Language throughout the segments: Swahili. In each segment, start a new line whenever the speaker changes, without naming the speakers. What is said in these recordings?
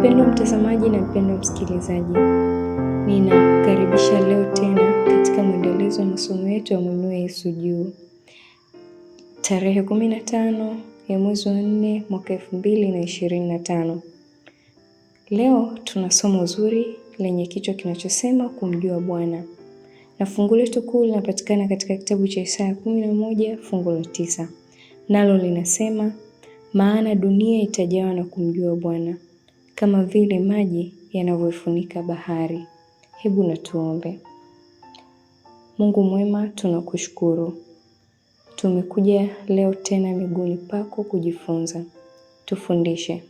Mpendwa mtazamaji na mpendwa msikilizaji, ninakaribisha leo tena katika mwendelezo wa masomo yetu ya mwinue Yesu juu. Tarehe 15 ya mwezi wa 4 mwaka 2025. Leo tuna somo zuri lenye kichwa kinachosema kumjua Bwana, na fungu letu kuu linapatikana katika kitabu cha Isaya 11 fungu la tisa, nalo linasema maana dunia itajawa na kumjua Bwana kama vile maji yanavyoifunika bahari. Hebu na tuombe. Mungu mwema, tunakushukuru. Tumekuja leo tena miguuni pako kujifunza. Tufundishe,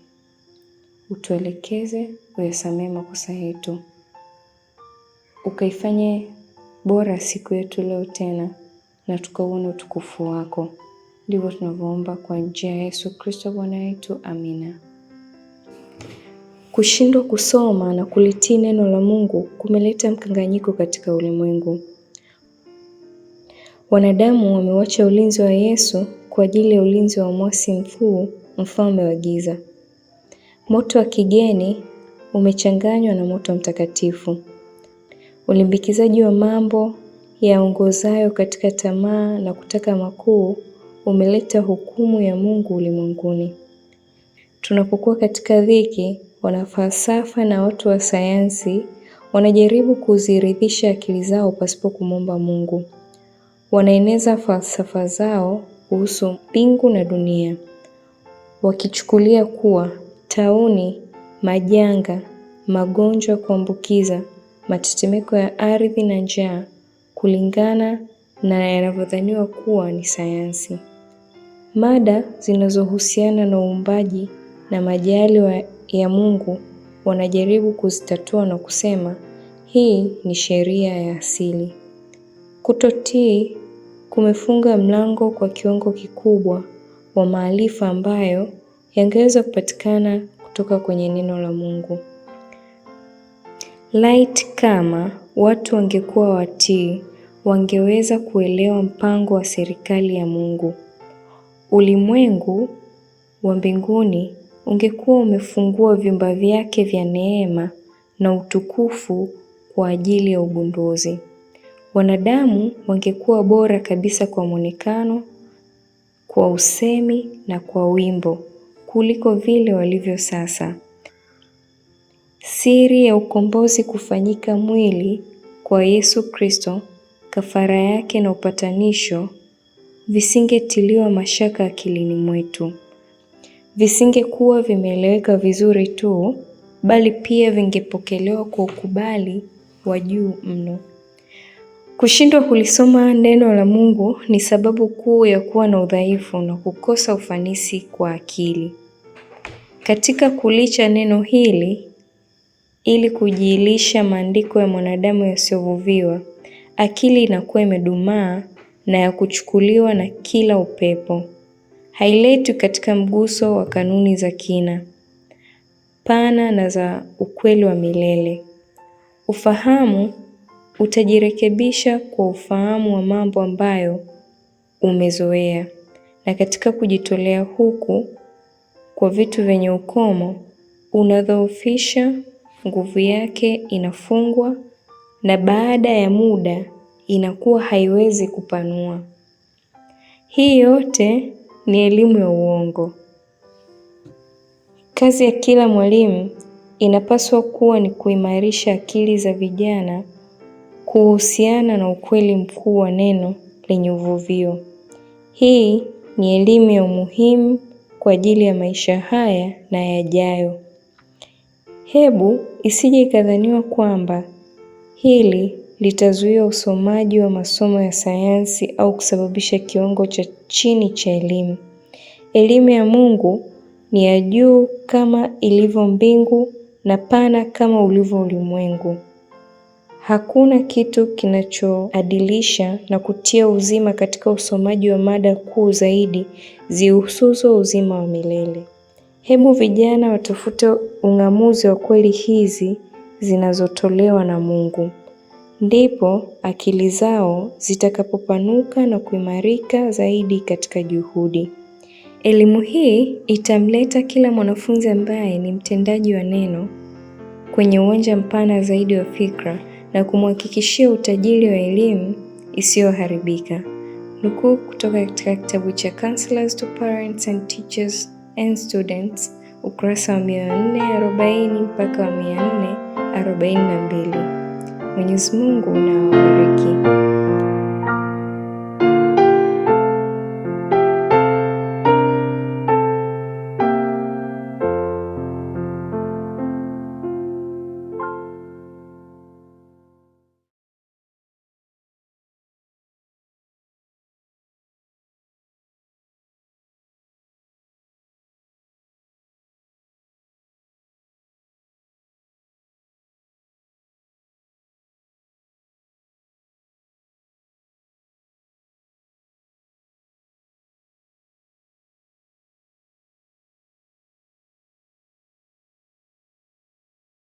utuelekeze, uyasamee makosa yetu, ukaifanye bora siku yetu leo tena, na tukauona utukufu wako. Ndivyo tunavyoomba kwa njia ya Yesu Kristo Bwana wetu. Amina.
Kushindwa kusoma na kulitii neno la Mungu kumeleta mkanganyiko katika ulimwengu. Wanadamu wamewacha ulinzi wa Yesu kwa ajili ya ulinzi wa mwasi mkuu, mfalme wa giza. Moto wa kigeni umechanganywa na moto mtakatifu. Ulimbikizaji wa mambo yaongozayo katika tamaa na kutaka makuu umeleta hukumu ya Mungu ulimwenguni. Tunapokuwa katika dhiki, wanafalsafa na watu wa sayansi wanajaribu kuziridhisha akili zao pasipo kumwomba Mungu. Wanaeneza falsafa zao kuhusu mbingu na dunia, wakichukulia kuwa tauni, majanga, magonjwa ya kuambukiza, matetemeko ya ardhi na njaa kulingana na yanavyodhaniwa kuwa ni sayansi. Mada zinazohusiana na uumbaji na majaliwa ya Mungu wanajaribu kuzitatua na kusema hii ni sheria ya asili. Kutotii kumefunga mlango kwa kiwango kikubwa wa maarifa ambayo yangeweza kupatikana kutoka kwenye neno la Mungu. Laiti kama watu wangekuwa watii, wangeweza kuelewa mpango wa serikali ya Mungu. Ulimwengu wa mbinguni ungekuwa umefungua vyumba vyake vya neema na utukufu kwa ajili ya ugunduzi, wanadamu wangekuwa bora kabisa kwa muonekano, kwa usemi na kwa wimbo kuliko vile walivyo sasa. Siri ya ukombozi kufanyika mwili kwa Yesu Kristo, kafara yake na upatanisho, visingetiliwa mashaka akilini mwetu visingekuwa vimeeleweka vizuri tu, bali pia vingepokelewa kwa ukubali wa juu mno. Kushindwa kulisoma neno la Mungu ni sababu kuu ya kuwa na udhaifu na kukosa ufanisi kwa akili. Katika kulicha neno hili ili kujiilisha maandiko ya mwanadamu yasiyovuviwa, akili inakuwa imedumaa na ya kuchukuliwa na kila upepo hailetwi katika mguso wa kanuni za kina pana na za ukweli wa milele. Ufahamu utajirekebisha kwa ufahamu wa mambo ambayo umezoea, na katika kujitolea huku kwa vitu vyenye ukomo, unadhoofisha, nguvu yake inafungwa, na baada ya muda inakuwa haiwezi kupanua. Hii yote ni elimu ya uongo. Kazi ya kila mwalimu inapaswa kuwa ni kuimarisha akili za vijana kuhusiana na ukweli mkuu wa neno lenye uvuvio. Hii ni elimu ya umuhimu kwa ajili ya maisha haya na yajayo. Hebu isije ikadhaniwa kwamba hili litazuia usomaji wa masomo ya sayansi au kusababisha kiwango cha chini cha elimu. Elimu ya Mungu ni ya juu kama ilivyo mbingu na pana kama ulivyo ulimwengu. Hakuna kitu kinachoadilisha na kutia uzima katika usomaji wa mada kuu zaidi zihusuzo uzima wa milele. Hebu vijana watafute ung'amuzi wa kweli hizi zinazotolewa na Mungu ndipo akili zao zitakapopanuka na kuimarika zaidi katika juhudi. Elimu hii itamleta kila mwanafunzi ambaye ni mtendaji wa neno kwenye uwanja mpana zaidi wa fikra na kumhakikishia utajiri wa elimu isiyoharibika. Nukuu kutoka katika kitabu cha Counselors to Parents and Teachers and Students, ukurasa wa 440 mpaka wa 442. Mwenyezi Mungu na wabariki.